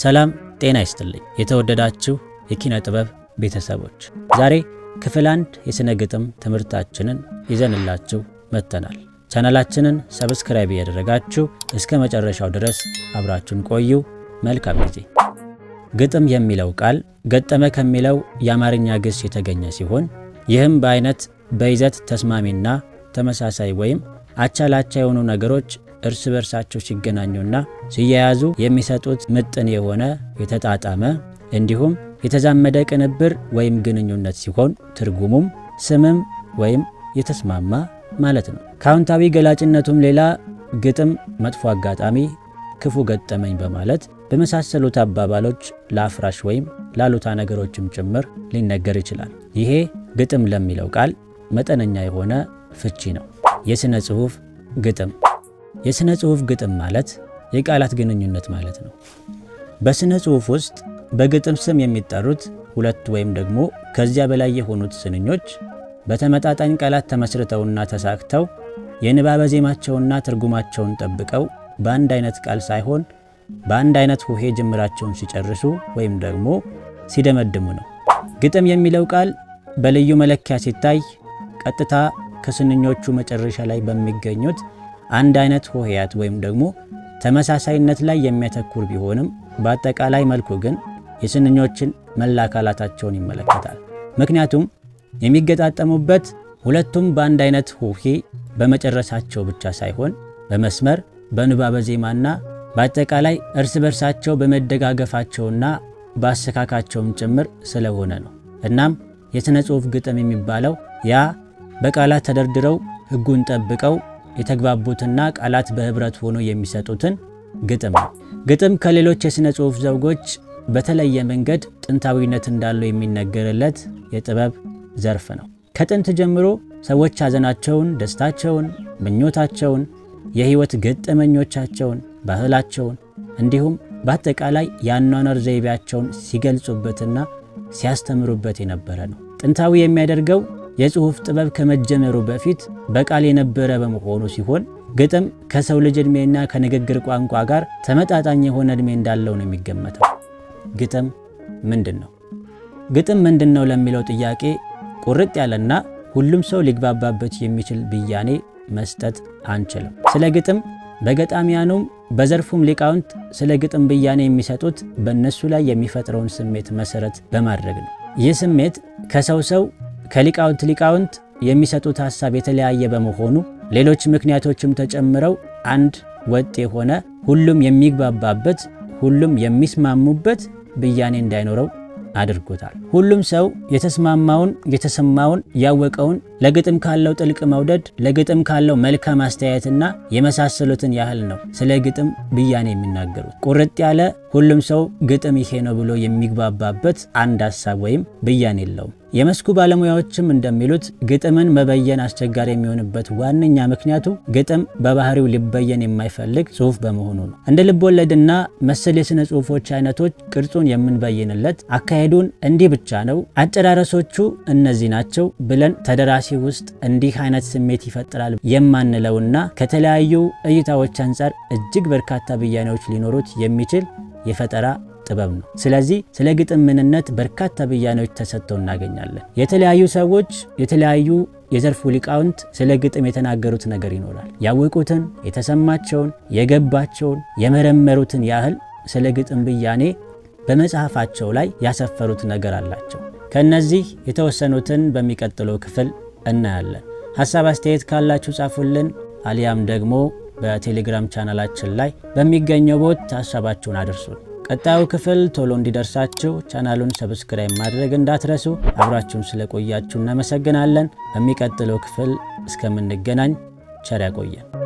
ሰላም ጤና ይስጥልኝ የተወደዳችሁ የኪነ ጥበብ ቤተሰቦች፣ ዛሬ ክፍል አንድ የሥነ ግጥም ትምህርታችንን ይዘንላችሁ መጥተናል። ቻናላችንን ሰብስክራይብ እያደረጋችሁ እስከ መጨረሻው ድረስ አብራችሁን ቆዩ። መልካም ጊዜ። ግጥም የሚለው ቃል ገጠመ ከሚለው የአማርኛ ግስ የተገኘ ሲሆን ይህም በአይነት በይዘት ተስማሚና ተመሳሳይ ወይም አቻላቻ የሆኑ ነገሮች እርስ በርሳቸው ሲገናኙና ሲያያዙ የሚሰጡት ምጥን የሆነ የተጣጣመ እንዲሁም የተዛመደ ቅንብር ወይም ግንኙነት ሲሆን ትርጉሙም ስምም ወይም የተስማማ ማለት ነው። ካውንታዊ ገላጭነቱም ሌላ ግጥም፣ መጥፎ አጋጣሚ፣ ክፉ ገጠመኝ በማለት በመሳሰሉት አባባሎች ለአፍራሽ ወይም ላሉታ ነገሮችም ጭምር ሊነገር ይችላል። ይሄ ግጥም ለሚለው ቃል መጠነኛ የሆነ ፍቺ ነው። የሥነ ጽሑፍ ግጥም የሥነ ጽሑፍ ግጥም ማለት የቃላት ግንኙነት ማለት ነው። በሥነ ጽሑፍ ውስጥ በግጥም ስም የሚጠሩት ሁለት ወይም ደግሞ ከዚያ በላይ የሆኑት ስንኞች በተመጣጣኝ ቃላት ተመስርተውና ተሳክተው የንባበ ዜማቸውና ትርጉማቸውን ጠብቀው በአንድ አይነት ቃል ሳይሆን በአንድ አይነት ሆሄ ጅምራቸውን ሲጨርሱ ወይም ደግሞ ሲደመድሙ ነው። ግጥም የሚለው ቃል በልዩ መለኪያ ሲታይ ቀጥታ ከስንኞቹ መጨረሻ ላይ በሚገኙት አንድ አይነት ሆሄያት ወይም ደግሞ ተመሳሳይነት ላይ የሚያተኩር ቢሆንም በአጠቃላይ መልኩ ግን የስንኞችን መላ አካላታቸውን ይመለከታል። ምክንያቱም የሚገጣጠሙበት ሁለቱም በአንድ አይነት ሆሄ በመጨረሳቸው ብቻ ሳይሆን በመስመር በንባበ ዜማና በአጠቃላይ እርስ በርሳቸው በመደጋገፋቸውና በአሰካካቸውም ጭምር ስለሆነ ነው። እናም የሥነ ጽሑፍ ግጥም የሚባለው ያ በቃላት ተደርድረው ሕጉን ጠብቀው የተግባቡትና ቃላት በህብረት ሆኖ የሚሰጡትን ግጥም ነው። ግጥም ከሌሎች የሥነ ጽሑፍ ዘውጎች በተለየ መንገድ ጥንታዊነት እንዳለው የሚነገርለት የጥበብ ዘርፍ ነው። ከጥንት ጀምሮ ሰዎች ሐዘናቸውን፣ ደስታቸውን፣ ምኞታቸውን፣ የህይወት ገጠመኞቻቸውን፣ ባህላቸውን እንዲሁም በአጠቃላይ የአኗኗር ዘይቤያቸውን ሲገልጹበትና ሲያስተምሩበት የነበረ ነው። ጥንታዊ የሚያደርገው የጽሑፍ ጥበብ ከመጀመሩ በፊት በቃል የነበረ በመሆኑ ሲሆን ግጥም ከሰው ልጅ ዕድሜና ከንግግር ቋንቋ ጋር ተመጣጣኝ የሆነ ዕድሜ እንዳለው ነው የሚገመተው። ግጥም ምንድን ነው? ግጥም ምንድን ነው ለሚለው ጥያቄ ቁርጥ ያለና ሁሉም ሰው ሊግባባበት የሚችል ብያኔ መስጠት አንችልም። ስለ ግጥም በገጣሚያኑም በዘርፉም ሊቃውንት ስለ ግጥም ብያኔ የሚሰጡት በእነሱ ላይ የሚፈጥረውን ስሜት መሰረት በማድረግ ነው። ይህ ስሜት ከሰው ሰው፣ ከሊቃውንት ሊቃውንት የሚሰጡት ሐሳብ የተለያየ በመሆኑ ሌሎች ምክንያቶችም ተጨምረው አንድ ወጥ የሆነ ሁሉም የሚግባባበት ሁሉም የሚስማሙበት ብያኔ እንዳይኖረው አድርጎታል። ሁሉም ሰው የተስማማውን የተሰማውን ያወቀውን ለግጥም ካለው ጥልቅ መውደድ ለግጥም ካለው መልካም አስተያየትና የመሳሰሉትን ያህል ነው ስለ ግጥም ብያኔ የሚናገሩት። ቁርጥ ያለ ሁሉም ሰው ግጥም ይሄ ነው ብሎ የሚግባባበት አንድ ሀሳብ ወይም ብያኔ የለውም። የመስኩ ባለሙያዎችም እንደሚሉት ግጥምን መበየን አስቸጋሪ የሚሆንበት ዋነኛ ምክንያቱ ግጥም በባህሪው ሊበየን የማይፈልግ ጽሁፍ በመሆኑ ነው። እንደ ልቦለድና መሰል የሥነ ጽሁፎች አይነቶች ቅርጹን የምንበይንለት አካሄዱን እንዲህ ብቻ ነው፣ አጨራረሶቹ እነዚህ ናቸው ብለን ተደራሲ እንቅስቃሴ ውስጥ እንዲህ አይነት ስሜት ይፈጥራል የማንለውና ከተለያዩ እይታዎች አንጻር እጅግ በርካታ ብያኔዎች ሊኖሩት የሚችል የፈጠራ ጥበብ ነው። ስለዚህ ስለ ግጥም ምንነት በርካታ ብያኔዎች ተሰጥተው እናገኛለን። የተለያዩ ሰዎች የተለያዩ የዘርፉ ሊቃውንት ስለ ግጥም የተናገሩት ነገር ይኖራል። ያወቁትን፣ የተሰማቸውን፣ የገባቸውን የመረመሩትን ያህል ስለ ግጥም ብያኔ በመጽሐፋቸው ላይ ያሰፈሩት ነገር አላቸው። ከእነዚህ የተወሰኑትን በሚቀጥለው ክፍል እናያለን። ሀሳብ አስተያየት ካላችሁ ጻፉልን፣ አሊያም ደግሞ በቴሌግራም ቻናላችን ላይ በሚገኘው ቦት ሐሳባችሁን አድርሱን። ቀጣዩ ክፍል ቶሎ እንዲደርሳችሁ ቻናሉን ሰብስክራይብ ማድረግ እንዳትረሱ። አብራችሁን ስለቆያችሁ እናመሰግናለን። በሚቀጥለው ክፍል እስከምንገናኝ ቸር ያቆየን።